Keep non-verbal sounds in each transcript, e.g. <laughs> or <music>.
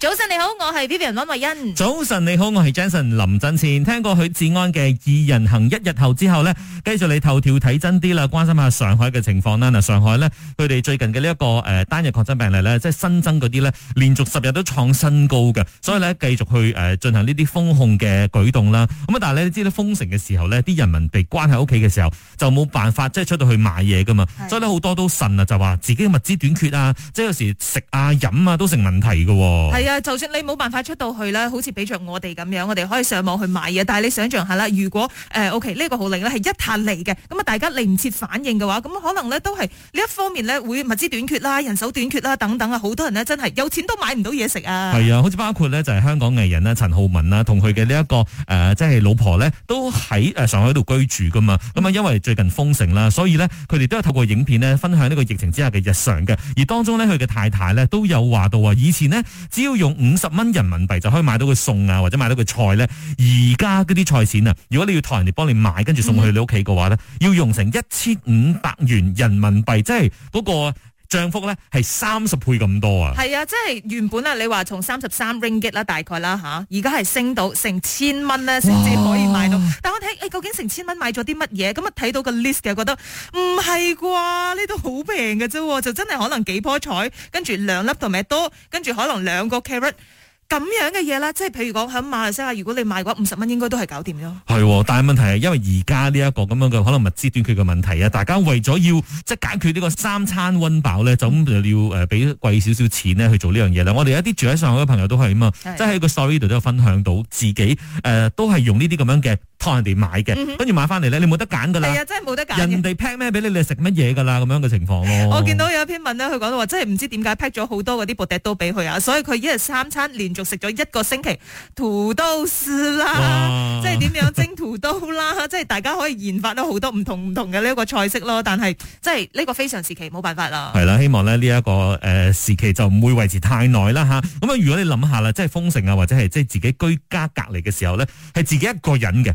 早晨你好，我係 Vivian 溫慧欣。早晨你好，我係 Jason 林振前。聽過許志安嘅二人行一日後之後呢，繼續你頭條睇真啲啦，關心下上海嘅情況啦。嗱，上海呢，佢哋最近嘅呢一個誒、呃、單日確診病例呢，即係新增嗰啲呢連續十日都創新高嘅，所以呢，繼續去誒呃、進行呢啲封控嘅舉動啦。咁啊，但係咧你知咧封城嘅時候呢，啲人民被關喺屋企嘅時候，就冇辦法即係出到去買嘢噶嘛，的所以咧好多都神啊就話自己嘅物資短缺啊，即係有時食啊飲啊都成問題嘅。係 <music> 就算你冇辦法出到去啦，好似畀着我哋咁樣，我哋可以上網去買嘢。但係你想象下啦，如果誒，O K，呢一個號令咧係一踏嚟嘅，咁啊，大家嚟唔切反應嘅話，咁可能呢都係呢一方面呢會物資短缺啦、人手短缺啦等等啊，好多人呢真係有錢都買唔到嘢食啊。係啊，好似包括呢就係香港藝人啦，陳浩文啦、這個，同佢嘅呢一個誒，即係老婆呢都喺上海度居住噶嘛。咁啊、嗯，因為最近封城啦，所以呢佢哋都係透過影片呢分享呢個疫情之下嘅日常嘅。而當中呢，佢嘅太太呢都有話到話，以前呢，只要用五十蚊人民幣就可以買到個餸啊，或者買到個菜咧。而家嗰啲菜錢啊，如果你要託人哋幫你買，跟住送去你屋企嘅話咧，嗯、要用成一千五百元人民幣，即係嗰、嗰個。漲幅咧係三十倍咁多啊！係啊，即係原本 it，啊，你話從三十三 Ringgit 啦，大概啦吓，而家係升到成千蚊咧，先至可以買到。哇但我睇，誒，究竟成千蚊買咗啲乜嘢？咁啊，睇到個 list 嘅，覺得唔係啩？呢度好平嘅啫，就真係可能幾棵彩，跟住兩粒同埋多，跟住可能兩個 carrot。咁樣嘅嘢咧，即係譬如講響馬來西亞，如果你賣過五十蚊應該都係搞掂咯。係，但係問題係因為而家呢一個咁樣嘅可能物資短缺嘅問題啊，大家為咗要即係解決呢個三餐溫飽咧，就咁就要誒俾貴少少錢咧去做呢樣嘢啦。我哋一啲住喺上海嘅朋友都係啊嘛，即係喺個 story 度都有分享到自己誒、呃，都係用呢啲咁樣嘅。託人哋買嘅，跟住、嗯、哼買翻嚟咧，你冇得揀噶啦。係啊，真係冇得揀。人哋 pack 咩俾你，你食乜嘢噶啦。咁樣嘅情況。哦、我見到有一篇文咧，佢講到話，真係唔知點解 pack 咗好多嗰啲布餅都俾佢啊，所以佢一日三餐連續食咗一個星期吐司啦，哇即係點樣蒸吐司啦， <laughs> 即係大家可以研發到好多唔同唔同嘅呢一個菜式咯。但係即係呢、呢個非常時期，冇辦法啦。係啦，嗯，希望咧呢一個誒時期就唔會維持太耐啦嚇。咁啊，如果你諗下啦，即係封城啊，或者係即係自己居家隔離嘅時候咧，係自己一個人嘅。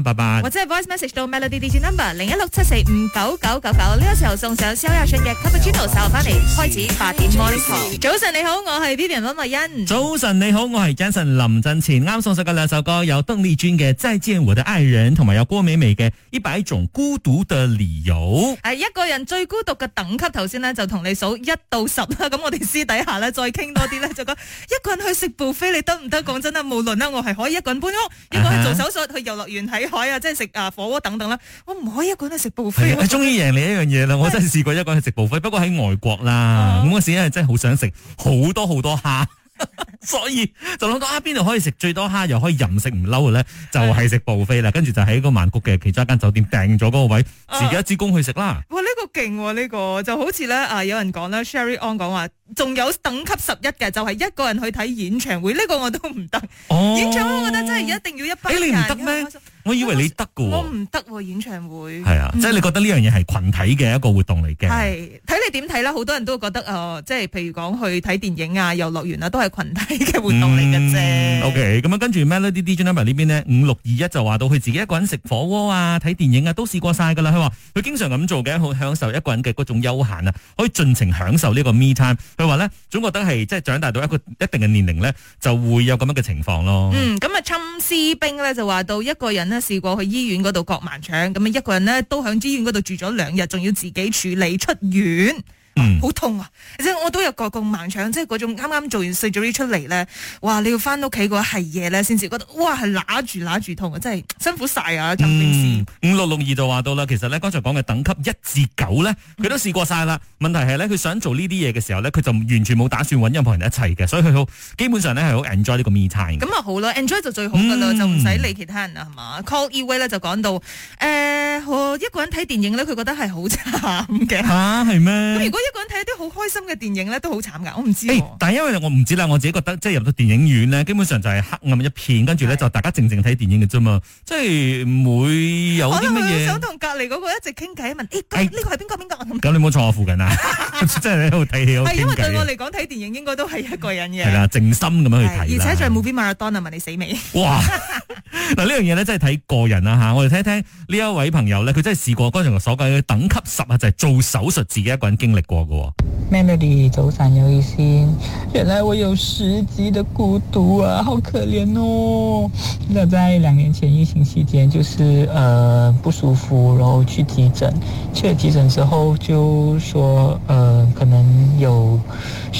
八八或者係 voice message 到 melodydj number 零一六七四五九九九九呢個時候送上肖亞軒嘅《capital soul》翻嚟，開始八點 m o n i n g c 早晨你好，我係 v i a n w e n 麥早晨你好，我係 Jason 林振前。啱送上嘅兩首歌有鄧麗娟嘅《再見我的愛人》，同埋有，有郭美美嘅《一百種孤獨嘅理由》。誒，一個人最孤獨嘅等級，頭先呢就同你數一到十啦。咁 <laughs> 我哋私底下咧再傾多啲咧，就講一個人去食部 u 你得唔得？講真啦，無論啦，我係可以一個人搬屋，一個人做手術，去遊樂園睇。 <laughs> 海啊，即係食啊火鍋等等啦，我唔可以一個人食 buffet。終於贏你一樣嘢啦，的我真係試過一個人去食 buffet 不過喺外國啦。咁嗰、哦、時真係好想食好多好多蝦， <laughs> 所以就諗到啊，邊度可以食最多蝦又可以任食唔嬲嘅咧？的就係食 buffet 啦。跟住就喺個曼谷嘅其中一間酒店訂咗嗰個位，自己一支公去食啦、哦哦。哇，呢、這個勁呢、啊這個就好似咧啊！有人講咧，Sherry On 講話，仲有等級十一嘅，就係、是、一個人去睇演唱會。呢、這個我都唔得。哦、演唱會我覺得真係一定要一班人唔得咩？欸我以為你得嘅喎，我唔得喎，演唱會。係啊，嗯、即係你覺得呢樣嘢係群體嘅一個活動嚟嘅。係睇你點睇啦，好多人都覺得啊、哦，即係譬如講去睇電影啊、遊樂園啊，都係群體嘅活動嚟嘅啫。OK，咁跟住 Melody DJ number 呢邊咧，五六二一就話到佢自己一個人食火鍋啊、睇電影啊，都試過晒㗎啦。佢話佢經常咁做嘅，好享受一個人嘅嗰種悠閒啊，可以盡情享受呢個 me time。佢話呢，總覺得係即係長大到一個一定嘅年齡呢，就會有咁樣嘅情況咯。嗯，咁、嗯、啊，親師兵呢，就話到一個人。咧試過去醫院嗰度割盲腸，咁啊一個人呢都響醫院嗰度住咗兩日，仲要自己處理出院。好、啊、痛啊！即係我都有個咁盲腸，即係嗰種啱啱做完 surgery 出嚟咧，哇！你要翻屋企嗰係嘢咧，先至覺得哇係揦住揦住痛啊！真係辛苦晒啊！陳律師五六六二就話到啦，其實咧剛才講嘅等級一至九咧，佢都試過晒啦。嗯、問題係咧，佢想做呢啲嘢嘅時候咧，佢就完全冇打算揾任何人一齊嘅，所以佢好基本上咧係好 enjoy 呢個 me time 咁啊好啦，enjoy 就最好噶啦，嗯、就唔使理其他人啦，係嘛？Call Eway 咧就講到誒、欸，我一個人睇電影咧，佢覺得係好慘嘅吓係咩？啊一個人睇一啲好開心嘅電影咧，都好慘噶，我唔知、啊欸。但係因為我唔知啦，我自己覺得即係入到電影院咧，基本上就係黑暗一片，跟住咧就大家靜靜睇電影嘅啫嘛，即係唔會有啲乜嘢。我就好想同隔籬嗰個一直傾偈，問，欸欸，呢個係邊個邊個？咁你冇坐我附近啊！即係你喺度睇戲，係 <laughs> <laughs> 因為對我嚟講，睇電影應該都係一個人嘅。係啦，靜心咁樣去睇的，而且就無邊馬拉多納問你死未？哇！嗱，呢樣嘢咧，真係睇個人啊。嚇，我哋聽一聽呢一位朋友咧，佢真係試過，剛才我所講嘅等級十啊，就係、是、做手術自己一個人經歷過嘅。Melody 走散有一線，原來我有十級的孤獨啊，好可憐哦。記得在兩年前疫情期間，就是呃不舒服，然後去急診，去了急診之後就說，呃。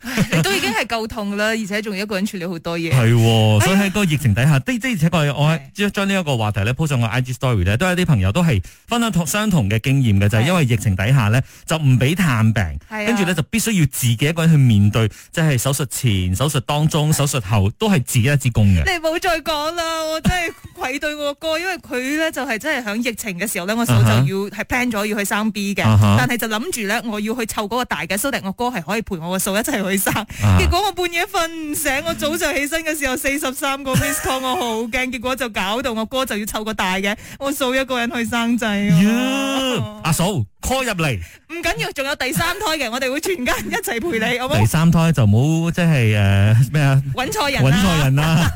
<laughs> 你都已經係夠痛啦，而且仲要一個人處理好多嘢，係、 <laughs> 哦，所以喺個疫情底下，唉呀 即都而且我在我將呢一個話題咧鋪上個 IG story 咧，都係啲朋友都係分享相同嘅經驗嘅，是啊、就係因為疫情底下是、啊、呢，就唔俾探病，跟住呢就必須要自己一個人去面對，即係是、啊、手術前、手術當中、是啊、手術後都係自己一支公嘅。你唔好再講啦，我真係愧對我哥，哥，因為佢呢就係真係響疫情嘅時候呢，我手就要係 plan 咗要去生 B 嘅，嗯啊、但係就諗住呢，我要去湊嗰個大嘅，所以我哥係可以陪我個數一齊。生，結果我半夜瞓唔醒，我早上起身嘅時候四十三個 miss call，我好驚，結果就搞到我哥就要湊個大嘅，我數一個人去生仔。阿嫂 call 入嚟，唔緊要，仲有第三胎嘅，我哋會全家人一齊陪你。第三胎就冇，即係誒咩啊？揾錯人，揾錯人啦。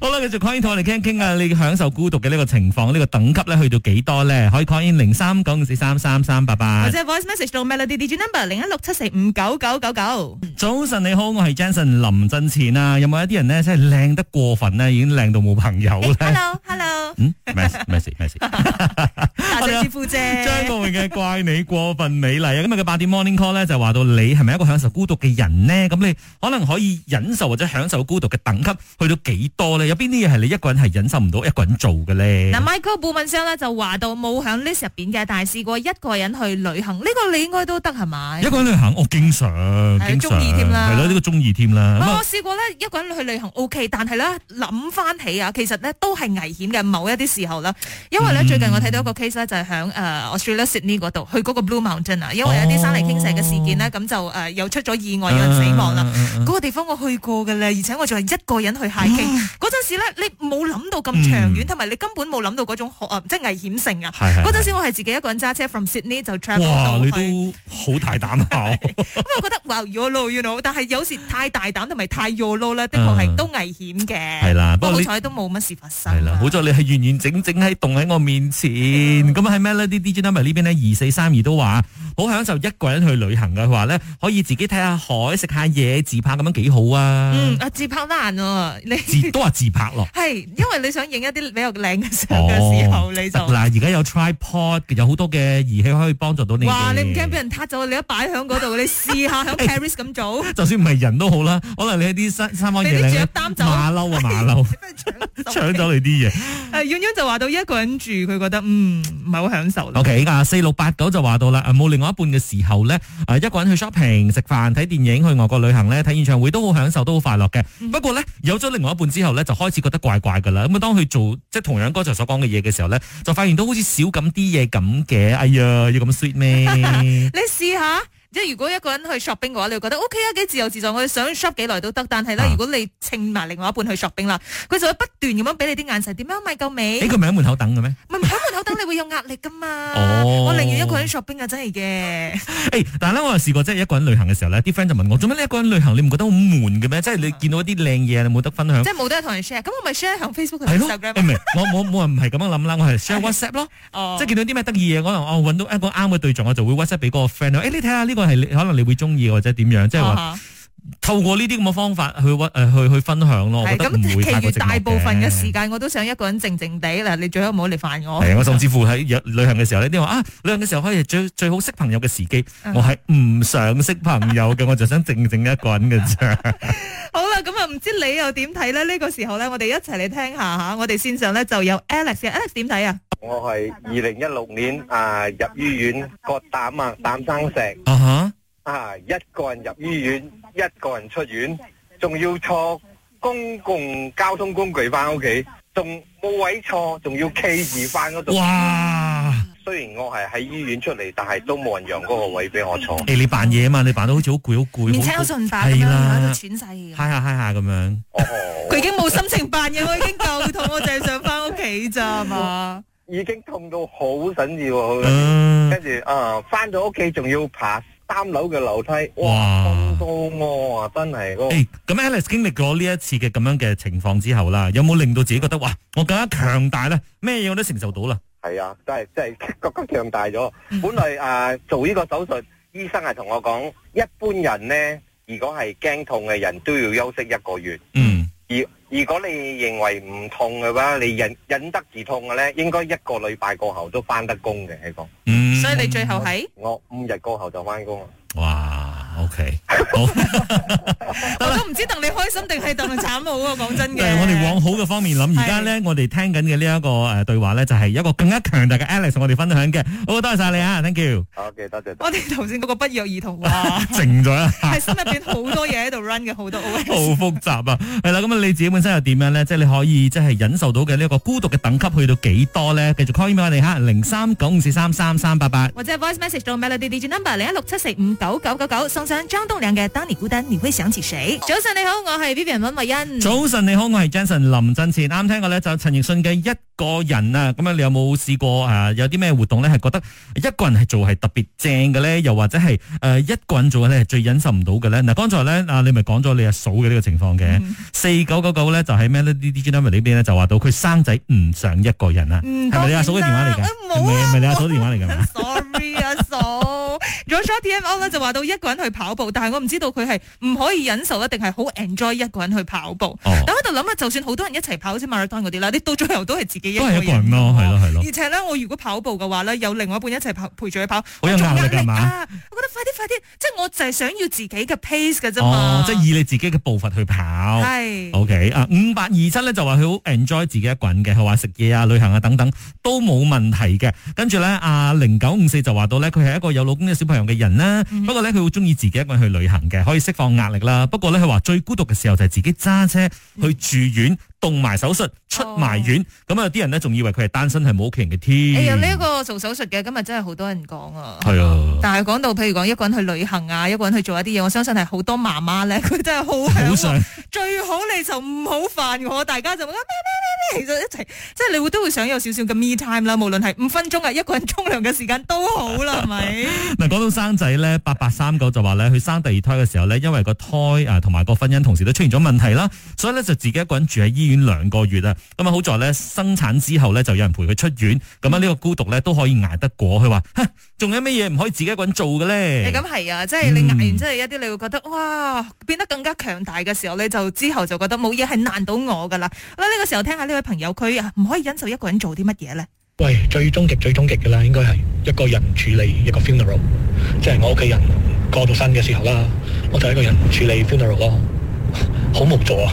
好啦，繼續 call in 同我哋傾傾下你享受孤獨嘅呢個情況，呢個等級咧去到幾多咧？可以 call in 零三九五四三三三八八，或者 voice message 到 my lady D J number 零一六七四五九九九九。早晨你好，我係 Jansen 林振前啊！有冇一啲人咧真係靚得過分咧，啊，已經靚到冇朋友咧，hey,？Hello，Hello，嗯，咩事咩事咩事？打招呼啫。張國榮嘅怪你過分美麗啊！今日嘅八點 Morning Call 咧就話到你係咪一個享受孤獨嘅人呢？咁你可能可以忍受或者享受孤獨嘅等級去到幾多咧？有邊啲嘢係你一個人係忍受唔到一個人做嘅咧？嗱， <laughs> 啊，Michael 部 u m e 咧就話到冇響 list 入邊嘅，但係試過一個人去旅行呢，這個你應該都得係嘛？ <laughs> 一個人旅行，我、oh, 經常。中意添啦，係咯，呢個中意添啦。我試過咧，一個人去旅行 OK，但係咧諗翻起啊，其實咧都係危險嘅某一啲時候啦。因為咧最近我睇到一個 case 咧，就係響誒 Australia Sydney 嗰度，去嗰個 Blue Mountain 啊，因為有啲山泥傾瀉嘅事件呢，咁就誒又出咗意外有死亡啦。嗰個地方我去過噶咧，而且我仲係一個人去 hiking。嗰陣時咧，你冇諗到咁長遠，同埋你根本冇諗到嗰種即係危險性啊。嗰陣時我係自己一個人揸車 from Sydney 就 travel 到去。哇！你都好大膽啊！咁我覺得但係有時太大膽同埋太弱咯咧，的確係都危險嘅。係啦，不過好彩都冇乜事發生。係啦，好彩你係完完整整喺棟喺我面前。咁啊的，係咩、嗯、呢？啲 DJ，因為呢邊咧二四三二都話。好享受一個人去旅行嘅話咧，可以自己睇下海，食下嘢，自拍咁樣幾好啊！嗯，自拍難喎，你都係自拍咯。係，因為你想影一啲比較靚嘅相嘅時候，你就嗱而家有 tripod，有好多嘅儀器可以幫助到你。哇！你唔驚俾人撻走？你一擺喺嗰度，你試下喺 carry 咁做。就算唔係人都好啦，可能你一啲三三番夜靚嘅馬騮啊，馬騮搶走你啲嘢。誒，遠遠就話到一個人住，佢覺得嗯唔係好享受。OK，依四六八九就話到啦，冇另外，一半嘅時候呢，誒，一個人去 shopping、食飯、睇電影、去外國旅行呢睇演唱會都好享受，都好快樂嘅。不過呢，有咗另外一半之後呢，就開始覺得怪怪噶啦。咁啊，當佢做即係同樣剛才所講嘅嘢嘅時候呢，就發現都好似少咁啲嘢咁嘅。哎呀，要咁 sweet 咩？ <laughs> 你試下。即係如果一個人去 shopping 嘅話，你會覺得 OK 啊，幾自由自在，我想 shop 幾耐都得。但係咧，如果你請埋另外一半去 shopping 啦，佢就會不斷咁樣俾你啲眼神，點樣咪夠美？你佢唔係喺門口等嘅咩？唔係喺門口等，你會有壓力噶嘛？哦，我寧願一個人 shopping 啊，真係嘅。誒，但係咧，我又試過即係一個人旅行嘅時候咧，啲 friend 就問我，做咩你一個人旅行？你唔覺得好悶嘅咩？即係你見到一啲靚嘢，你冇得分享。即係冇得同人 share，咁我咪 share 喺 Facebook、係咯、Instagram。唔係，我我我唔係咁樣諗啦，我係 share WhatsApp 咯。哦，即係見到啲咩得意嘢，可能我搵到一個啱嘅對象，我就會 WhatsApp 俾嗰個 friend。誒，你睇下呢個。係可能你會中意或者點樣，即係話透過呢啲咁嘅方法去誒、呃、去去分享咯。咁，其餘大部分嘅時間我都想一個人靜靜地嗱，你最好唔好嚟煩我。我甚至乎喺旅行嘅時候呢啲話啊，旅行嘅時候可以最最好識朋友嘅時機，我係唔想識朋友嘅， <laughs> 我就想靜靜一個人嘅啫 <laughs> <noise> 好啦，咁、嗯、啊，唔、嗯嗯、知你又點睇咧？呢、這個時候咧，我哋一齊嚟聽下吓。我哋綫上咧就有 Alex 嘅 Alex 點睇啊？我係二零一六年啊入醫院割膽啊膽生石啊吓啊一個人入醫院一個人出院，仲要坐公共交通工具翻屋企，仲冇位坐，仲要企住翻嗰度。哇！雖然我係喺醫院出嚟，但係都冇人讓嗰個位俾我坐。誒，你扮嘢嘛？你扮到好似好攰，好攰，而且我仲扮啊，我都喘晒氣，嗨下嗨下咁樣。佢已經冇心情扮嘢，我已經夠痛，我淨係想翻屋企咋嘛？已經痛到好緊要，跟住啊翻咗屋企仲要爬三樓嘅樓梯，哇，哇痛到我啊，真係、啊。咁 Alice 經歷咗呢一次嘅咁樣嘅情況之後啦，有冇令到自己覺得哇，我更加強大咧？咩嘢我都承受到啦。係啊，真係真係個個強大咗。本來啊、呃、做呢個手術，醫生係同我講，一般人咧如果係驚痛嘅人都要休息一個月。嗯。而如果你認為唔痛嘅話，你忍忍得住痛嘅咧，應該一個禮拜過後都翻得工嘅呢個。嗯，所以你最後係我，我五日過後就翻工啦。哇 O K，好，我都唔知戥你開心定係戥你慘好啊！講真嘅，我哋往好嘅方面諗，而家咧我哋聽緊嘅呢一個誒對話咧，就係一個更加強大嘅 Alex，我哋分享嘅。好，多謝晒你啊，Thank you。O K，多謝。我哋頭先嗰個不約而同靜咗啦，係心入邊好多嘢喺度 run 嘅，好多 O S，好複雜啊。係啦，咁啊，你自己本身又點樣咧？即係你可以即係忍受到嘅呢一個孤獨嘅等級去到幾多咧？繼續 call 入俾我哋吓，零三九五四三三三八八，或者 voice message 到 Melody DJ number 零一六七四五九九九九，雙十。張棟梁嘅當你孤單你會想起誰？早晨你好，我係 Vivian 温慧欣。早晨你好，我係 Jason 林振前。啱聽過咧就陳奕迅嘅一個人啊，咁樣你有冇試過啊？有啲咩活動咧係覺得一個人係做係特別正嘅咧？又或者係誒一個人做嘅咧係最忍受唔到嘅咧？嗱，剛才咧啊你咪講咗你阿嫂嘅呢個情況嘅四九九九咧就係咩咧？呢啲 gentleman 呢邊咧就話到佢生仔唔想一個人啊，係咪你阿嫂嘅電話嚟嘅，唔係唔係你阿嫂嘅電話嚟嘅咩？PMO 咧就話到一個人去跑步，但係我唔知道佢係唔可以忍受，一定係好 enjoy 一個人去跑步。哦、但係我度諗啊，就算好多人一齊跑，好似馬拉松嗰啲啦，你到最後都係自己一個人。都係一個人咯，係咯，係咯。而且呢，我如果跑步嘅話呢，有另外一半一齊跑，陪住去跑，好有壓力係嘛，啊？我覺得快啲快啲，即係我就係想要自己嘅 pace 嘅啫嘛。即係以你自己嘅步伐去跑。係是。O.K. 啊，五八二七咧就話佢好 enjoy 自己一個人嘅，係話食嘢啊、旅行啊，等等都冇問題嘅。跟住咧，阿零九五四就話到咧，佢係一個有老公、嘅小朋友嘅啦，嗯、不過咧佢好中意自己一個人去旅行嘅，可以釋放壓力啦。不過咧佢話最孤獨嘅時候就係自己揸車去住院。嗯動埋手術出埋院，咁啊啲人呢，仲以為佢係單身係冇屋企人嘅添。哎呀，呢一、這個做手術嘅今日真係好多人講啊。係啊、嗯，但係講到譬如講一個人去旅行啊，一個人去做一啲嘢，我相信係好多媽媽咧，佢真係好想，想最好你就唔好煩我，大家就咩咩咩咩，其實一齊即係你會都會想有少少嘅 me time 啦，無論係五分鐘啊，一個人沖涼嘅時間都好啦，係咪？ <laughs> 嗱，講到生仔咧，八八三九就話咧，佢生第二胎嘅時候咧，因為個胎啊同埋個婚姻同時都出現咗問題啦，所以咧就自己一個人住喺醫院。院兩個月啊，咁啊好在咧生產之後咧就有人陪佢出院，咁啊呢個孤獨咧都可以捱得過。佢話仲有咩嘢唔可以自己一個人做嘅咧？咁係、哎、啊，即係你挨完，即係、嗯、一啲你會覺得哇，變得更加強大嘅時候咧，就之後就覺得冇嘢係難到我噶啦。咁啊呢個時候聽下呢位朋友，佢啊唔可以忍受一個人做啲乜嘢咧？喂，最終極最終極嘅啦，應該係一個人處理一個 funeral，即係我屋企人過咗身嘅時候啦，我就一個人處理 funeral 咯，好無助啊！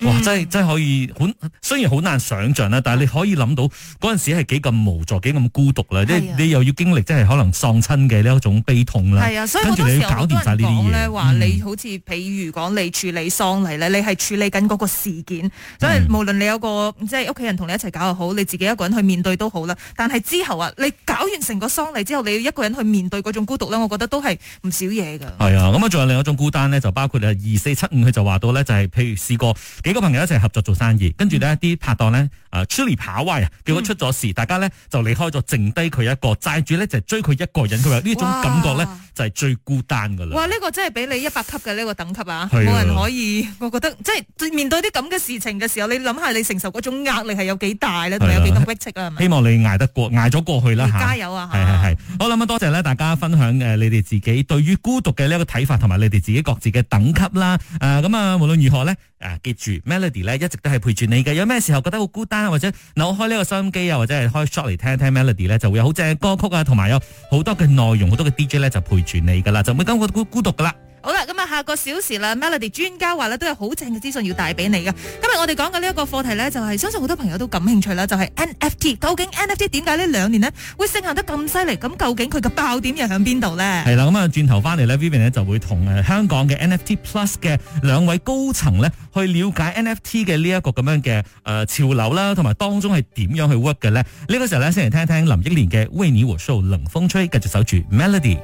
哇！真係真可以，好雖然好難想象啦，但係你可以諗到嗰陣時係幾咁無助，幾咁孤獨啦，即係、啊、你又要經歷，即係可能喪親嘅呢一種悲痛啦。係啊，所以好多時候，然後你要搞掂晒呢啲嘢，我都講咧，話你，你好似譬如講你處理喪禮咧，嗯、你係處理緊嗰個事件，即係無論你有個即係屋企人同你一齊搞又好，你自己一個人去面對都好啦。但係之後啊，你搞完成個喪禮之後，你要一個人去面對嗰種孤獨咧，我覺得都係唔少嘢噶。係啊，咁啊，仲有另一種孤單呢，就包括你啊二四七五佢就話到呢，就係、是、譬如試過。幾個朋友一齊合作做生意，跟住咧一啲拍檔咧，啊吃裡扒外啊，結果出咗事，嗯、大家咧就離開咗，剩低佢一個債主咧就是、追佢一個人，佢話呢種感覺咧。就係最孤單噶啦！哇，呢、這個真係俾你一百級嘅呢、這個等級啊！冇的人可以，我覺得即係、就是、面對啲咁嘅事情嘅時候，你諗下你承受嗰種壓力係有幾大咧，係的有幾咁逼迫啊？係咪的？希望你捱得過，捱咗過去啦，加油啊！係係係，的嗯、好啦咁、嗯、多謝咧，大家分享誒，你哋自己對於孤獨嘅呢一個睇法，同埋你哋自己各自嘅等級啦。咁啊，啊，無論如何呢，誒、啊，記住 <laughs> Melody 呢一直都係陪住你嘅。有咩時候覺得好孤單，或者扭開呢個收音機啊，或者係開 shot 嚟聽，聽一聽，聽 Melody 咧，就會有好正歌曲啊，同埋有好多嘅內容，好多嘅 DJ 咧就陪。全你噶啦，就唔會感覺孤孤獨噶啦。好啦，咁啊，下個小時啦，Melody 專家話咧，都有好正嘅資訊要帶俾你噶。今日我哋講嘅呢一個課題咧，就係相信好多朋友都感興趣啦。就係 NFT，究竟 NFT 點解呢兩年咧會盛行得咁犀利？咁究竟佢嘅爆點又喺邊度咧？係啦，咁啊，轉頭翻嚟咧，Vivian 咧就會同誒香港嘅 NFT Plus 嘅兩位高層咧去了解 NFT 嘅呢一個咁樣嘅誒潮流啦，同埋當中係點樣去 work 嘅咧？呢個時候咧先嚟聽一聽林憶蓮嘅《為你我受冷風吹》，繼續守住 Melody。